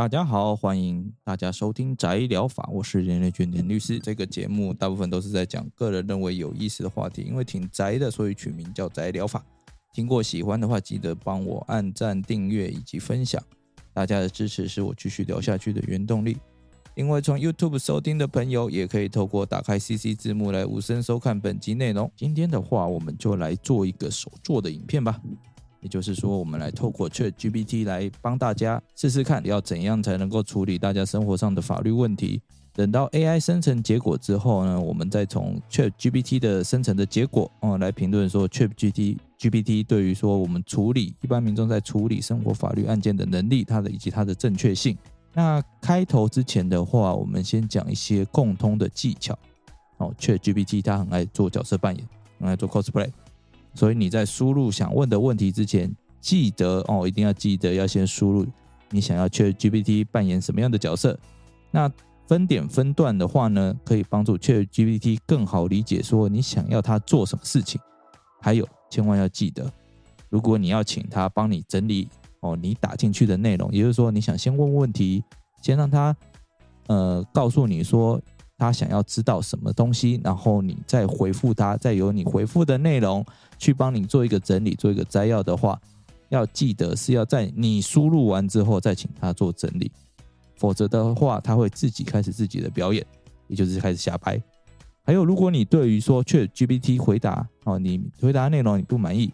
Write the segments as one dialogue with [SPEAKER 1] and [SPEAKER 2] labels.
[SPEAKER 1] 大家好，歡迎大家收聽宅聊法，我是人類卷卷律師。這個節目大部分都是在講個人認為有意思的話題，因為挺宅的，所以取名叫宅聊法。聽過喜歡的話，記得幫我按讚、訂閱以及分享，大家的支持是我繼續聊下去的原動力。另外，從 YouTube 收聽的朋友也可以透過打開 CC 字幕來無聲收看本集內容。今天的話，我們就來做一個手作的影片吧。也就是說，我們來透過 ChatGPT 來幫大家試試看，要怎樣才能夠處理大家生活上的法律問題。等到 AI 生成結果之後呢，我們再從 ChatGPT 的生成的結果啊、哦、來評論說 ChatGPT 對於說我們處理一般民眾在處理生活法律案件的能力，它的以及它的正確性。那開頭之前的話，我們先講一些共通的技巧哦。ChatGPT 它很愛做角色扮演，很愛做 cosplay。所以你在輸入想問的問題之前，記得哦，一定要記得要先輸入你想要 ChatGPT 扮演什麼樣的角色。那分點分段的話呢，可以幫助 ChatGPT 更好理解說你想要他做什麼事情。還有，千萬要記得，如果你要請他幫你整理哦，你打進去的內容，也就是說，你想先問問題，先讓他呃告訴你說。他想要知道什麼東西，然後你再回復他，再由你回復的內容去幫你做一個整理、做一個摘要的話，要記得是要在你輸入完之後再請他做整理，否則的話他會自己開始自己的表演，也就是開始瞎掰。還有，如果你對於說 ChatGPT 回答哦，你回答內容你不滿意，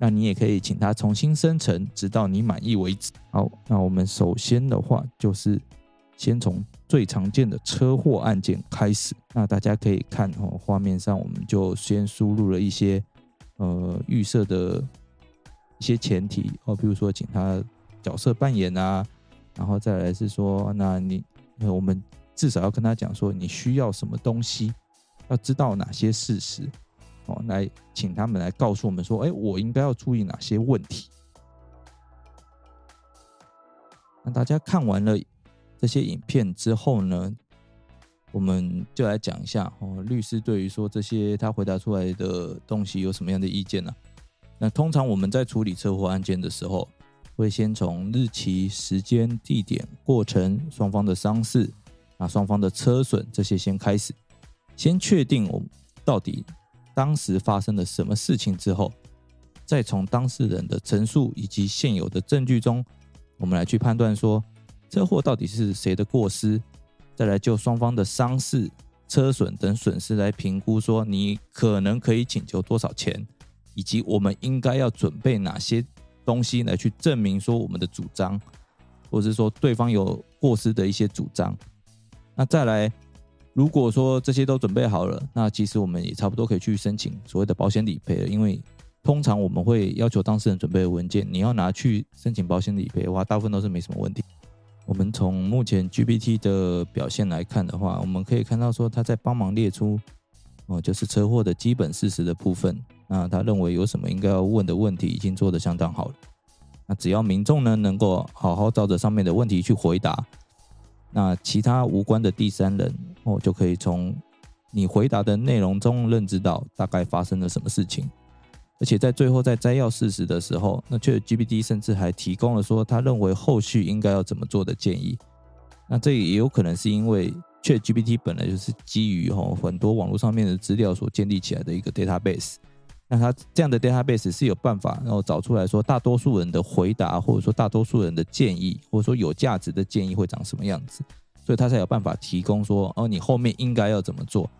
[SPEAKER 1] 那你也可以請他重新生成，直到你滿意為止。好，那我們首先的話就是。先從最常見的車禍案件開始，那大家可以看哦，畫面上我們就先輸入了一些呃預設的一些前提哦，比如說請他角色扮演啊，然後再來是說，那你我們至少要跟他講說，你需要什麼東西，要知道哪些事實哦，來請他們來告訴我們說，哎、欸，我應該要注意哪些問題。那大家看完了。這些影片之後呢，我們就來講一下哦，律師對於說這些他回答出來的東西有什麼樣的意見呢？啊？那通常我們在處理車禍案件的時候，會先從日期、時間、地點、過程、雙方的傷勢、啊雙方的車損這些先開始，先確定我們到底當時發生了什麼事情之後，再從當事人的陳述以及現有的證據中，我們來去判斷說。車禍到底是誰的過失？再來就雙方的傷勢、車損等損失來評估，說你可能可以請求多少錢，以及我們應該要準備哪些東西來去證明說我們的主張，或是說對方有過失的一些主張。那再來，如果說這些都準備好了，那其實我們也差不多可以去申請所謂的保險理賠了。因為通常我們會要求當事人準備的文件，你要拿去申請保險理賠的話，大部分都是沒什麼問題。我們從目前 GPT 的表現來看的話，我們可以看到說，他在幫忙列出哦，就是車禍的基本事實的部分。那他認為有什麼應該要問的問題，已經做得相當好了。那只要民眾呢能夠好好照着上面的問題去回答，那其他無關的第三人哦，就可以從你回答的內容中認知到大概發生了什麼事情。而且在最後在摘要事實的時候，那 ChatGPT 甚至還提供了說他認為後續應該要怎麼做的建議。那這也有可能是因為 ChatGPT 本來就是基於吼很多網絡上面的資料所建立起來的一個 database。那它這樣的 database 是有辦法然後找出來說大多數人的回答，或者說大多數人的建議，或者說有價值的建議會長什麼樣子，所以它才有辦法提供說哦，你後面應該要怎麼做。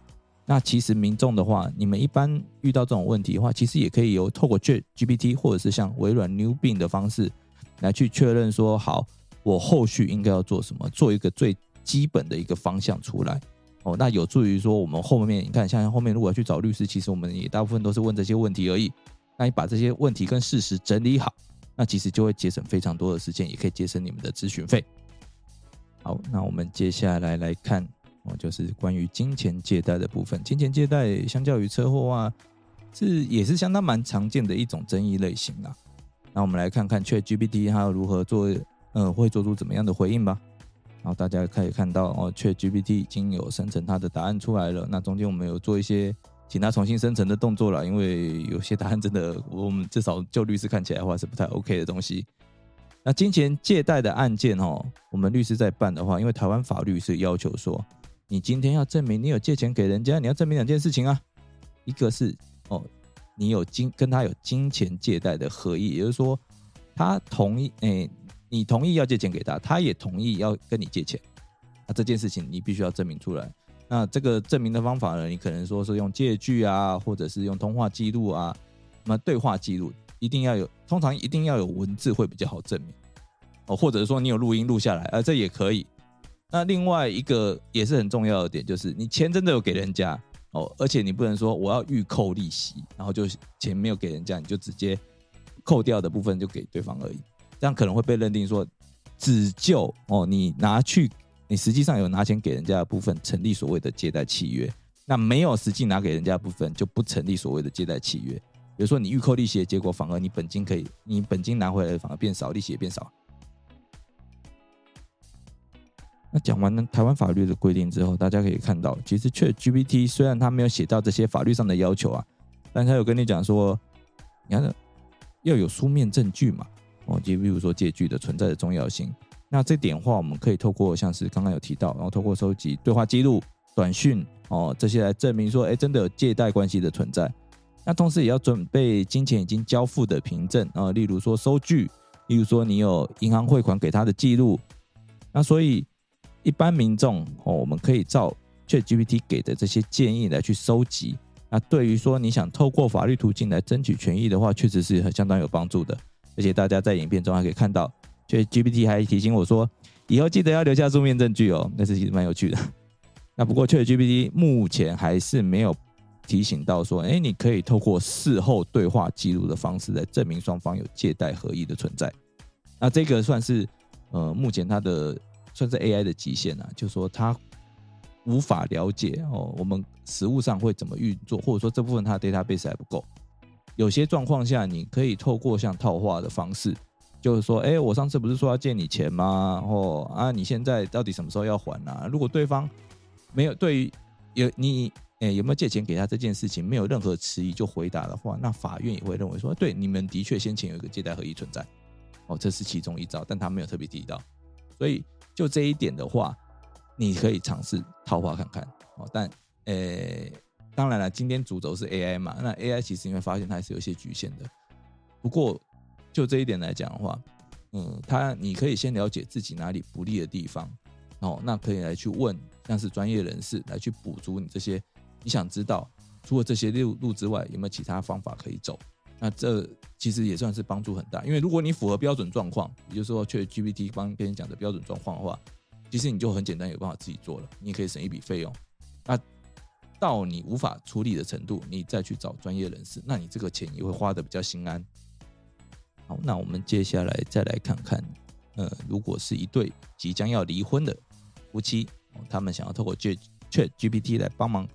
[SPEAKER 1] 那其實民眾的話，你們一般遇到這種問題的話，其實也可以由透過 ChatGPT 或者是像微軟 New Bing 的方式來去確認說，好，我後續應該要做什麼，做一個最基本的一個方向出來。哦，那有助於說我們後面，你看，像後面如果要去找律師，其實我們也大部分都是問這些問題而已。那你把這些問題跟事實整理好，那其實就會節省非常多的時間，也可以節省你們的諮詢費。好，那我們接下來來看。哦，就是關於金錢借貸的部分。金錢借貸相較於車禍啊，是也是相當蠻常見的一種爭議類型啊。那我們來看看 ChatGPT 它要如何做，嗯、呃，會做出怎麼樣的回應吧。然後大家可以看到哦，ChatGPT 已經有生成它的答案出來了。那中間我們有做一些請他重新生成的動作了，因為有些答案真的我們至少就律師看起來的話是不太 OK 的東西。那金錢借貸的案件哦，我們律師在辦的話，因為台灣法律是要求說。你今天要證明你有借錢給人家，你要證明兩件事情啊，一個是哦，你有金跟他有金錢借貸的合意，也就是說，他同意誒、欸，你同意要借錢給他，他也同意要跟你借錢，啊，這件事情你必須要證明出來。那這個證明的方法呢，你可能說是用借據啊，或者是用通話記錄啊，那對話記錄一定要有，通常一定要有文字會比較好證明，哦，或者說你有錄音錄下來，啊、呃，這也可以。那另外一個也是很重要的點，就是你錢真的有給人家哦，而且你不能說我要預扣利息，然後就錢沒有給人家，你就直接扣掉的部分就給對方而已，這樣可能會被認定說只就哦，你拿去，你實際上有拿錢給人家的部分成立所謂的借貸契約，那沒有實際拿給人家的部分就不成立所謂的借貸契約。比如說你預扣利息的結果，反而你本金可以，你本金拿回來反而變少，利息也變少。那講完了台灣法律的規定之後，大家可以看到，其實 ChatGPT 雖然他沒有寫到這些法律上的要求啊，但他有跟你講說，你看要有書面證據嘛，哦，就比如說借據的存在的重要性。那這點的話，我們可以透過像是剛剛有提到，然後透過收集對話記錄、短訊哦這些來證明說，哎、欸，真的有借貸關係的存在。那同時也要準備金錢已經交付的憑證啊、哦，例如說收據，例如說你有銀行匯款給他的記錄。那所以。一般民眾哦，我們可以照 ChatGPT 給的這些建議來去收集。那對於說你想透過法律途徑來爭取權益的話，確實是很相當有幫助的。而且大家在影片中還可以看到，ChatGPT 還提醒我說，以後記得要留下書面證據哦。那是其實蠻有趣的。那不過 ChatGPT 目前還是沒有提醒到說，哎、欸，你可以透過事後對話記錄的方式來證明雙方有借貸合意的存在。那這個算是呃，目前它的。算是 AI 的極限呢、啊，就是說它無法了解哦，我們實務上會怎麼運作，或者說這部分它的 database 還不夠。有些狀況下，你可以透過像套話的方式，就是說，哎，我上次不是說要借你錢嗎？哦，啊，你現在到底什麼時候要還啊？如果對方沒有對於有你哎有沒有借錢給他這件事情沒有任何遲疑就回答的話，那法院也會認為說，對，你們的確先前有一個借貸合意存在。哦，這是其中一招，但他沒有特別提到，所以。就這一點的話，你可以嘗試套話看看哦。但呃、欸，當然了，今天主軸是 AI 嘛，那 AI 其實你會發現它還是有些局限的。不過就這一點來講的話，嗯，他你可以先了解自己哪裡不利的地方，哦，那可以來去問像是專業人士來去補足你這些你想知道，除了這些路路之外，有沒有其他方法可以走？那這其實也算是幫助很大，因為如果你符合標準狀況，也就是說 ChatGPT 幫跟你講的標準狀況的話，其實你就很簡單有辦法自己做了，你也可以省一筆費用。那到你無法處理的程度，你再去找專業人士，那你這個錢也會花得比較心安。好，那我們接下來再來看看，呃，如果是一對即將要離婚的夫妻，哦，他們想要透過 Chat ChatGPT 來幫忙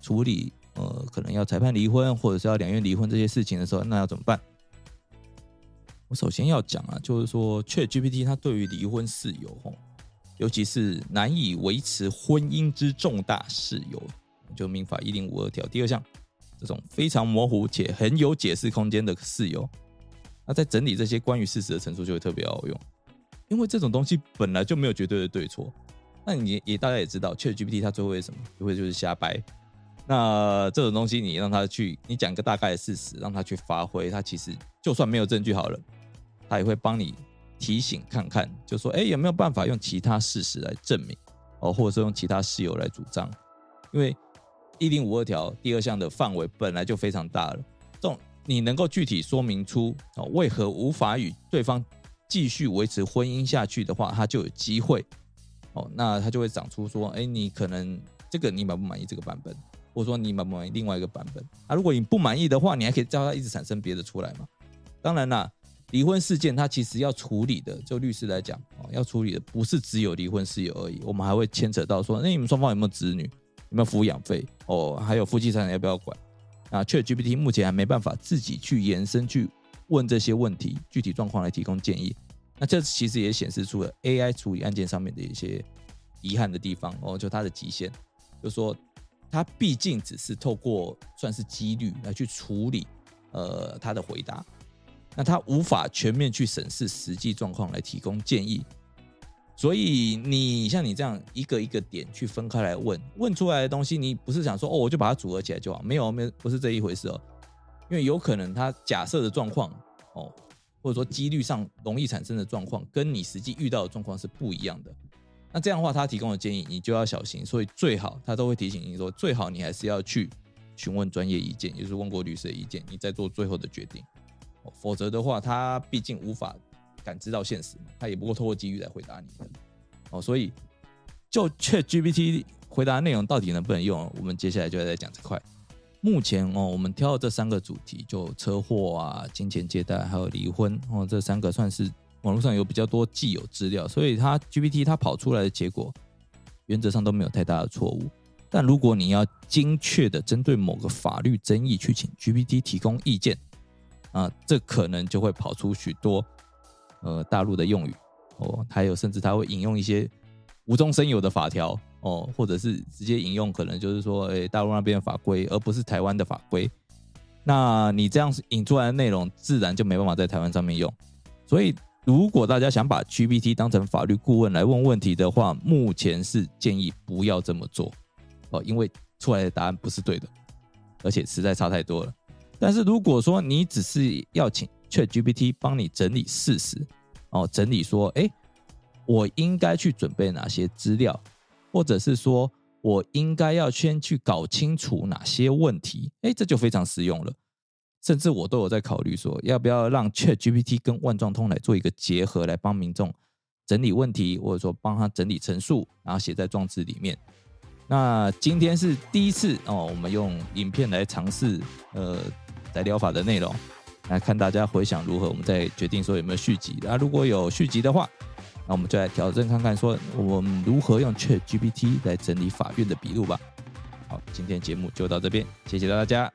[SPEAKER 1] 處理。呃，可能要裁判離婚，或者是要兩願離婚這些事情的時候，那要怎麼辦？我首先要講啊，就是說，ChatGPT 它對於離婚事由，吼，尤其是難以維持婚姻之重大事由，就民法一零五二條第二項這種非常模糊且很有解釋空間的事由，那在整理這些關於事實的陳述就會特別好用，因為這種東西本來就沒有絕對的對錯。那你也大家也知道，ChatGPT 它最會是什麼？最會就是瞎掰。那這種東西，你讓他去，你講個大概的事實，讓他去發揮。他其實就算沒有證據好了，他也會幫你提醒看看，就說，哎、欸，有沒有辦法用其他事實來證明哦，或者說用其他事由來主張？因為一零五二條第二項的範圍本來就非常大了。這種你能夠具體說明出哦，為何無法與對方繼續維持婚姻下去的話，他就有機會哦。那他就會長出說，哎、欸，你可能這個你滿不滿意這個版本？或者說你滿不滿意另外一個版本？啊，如果你不滿意的話，你還可以叫它一直產生別的出來嘛？當然啦，離婚事件它其實要處理的，就律師來講啊、哦，要處理的不是只有離婚事宜而已，我們還會牽扯到說，那你們雙方有沒有子女？有沒有撫養費？哦，還有夫妻財產要不要管？啊，ChatGPT 目前還沒辦法自己去延伸去問這些問題，具體狀況來提供建議。那這其實也顯示出了 AI 處理案件上面的一些遺憾的地方哦，就它的極限，就說。他畢竟只是透過算是幾率來去處理，呃，他的回答，那他無法全面去審視實際狀況來提供建議，所以你像你這樣一個一個點去分開來問，問出來的東西，你不是想說哦，我就把它組合起來就好，沒有沒有，不是這一回事哦，因為有可能他假設的狀況哦，或者說幾率上容易產生的狀況，跟你實際遇到的狀況是不一樣的。那這樣的話，他提供的建議你就要小心，所以最好他都會提醒你說，最好你還是要去詢問專業意見，也就是問過律師的意見，你再做最後的決定。否則的話，他畢竟無法感知到現實，他也不會透過機遇來回答你的。哦，所以就 ChatGPT 回答內容到底能不能用，我們接下來就要再講這塊。目前哦，我們挑的這三個主題，就車禍啊、金錢借貸還有離婚哦，這三個算是，網絡上有比較多既有資料，所以它 GPT 它跑出來的結果，原則上都沒有太大的錯誤。但如果你要精確的針對某個法律爭議去請 GPT 提供意見啊，那這可能就會跑出許多呃大陸的用語哦，還有甚至它會引用一些無中生有的法條哦，或者是直接引用可能就是說誒、欸、大陸那邊的法規，而不是台灣的法規。那你這樣引出來的內容，自然就沒辦法在台灣上面用，所以。如果大家想把 GPT 當成法律顧問來問問題的話，目前是建議不要這麼做哦，因為出來的答案不是對的，而且實在差太多了。但是如果說你只是要請 ChatGPT 幫你整理事實哦，整理說，哎，我應該去準備哪些資料，或者是說我應該要先去搞清楚哪些問題，哎，這就非常實用了。甚至我都有在考慮說，要不要讓 ChatGPT 跟萬狀通來做一個結合，來幫民眾整理問題，或者說幫他整理陳述，然後寫在狀詞裡面。那今天是第一次哦，我們用影片來嘗試，呃，來聊法的內容，來看大家回想如何，我們再決定說有沒有續集。那、啊、如果有續集的話，那我們就來挑戰看看，說我們如何用 ChatGPT 來整理法院的筆錄吧。好，今天節目就到這邊，謝謝大家。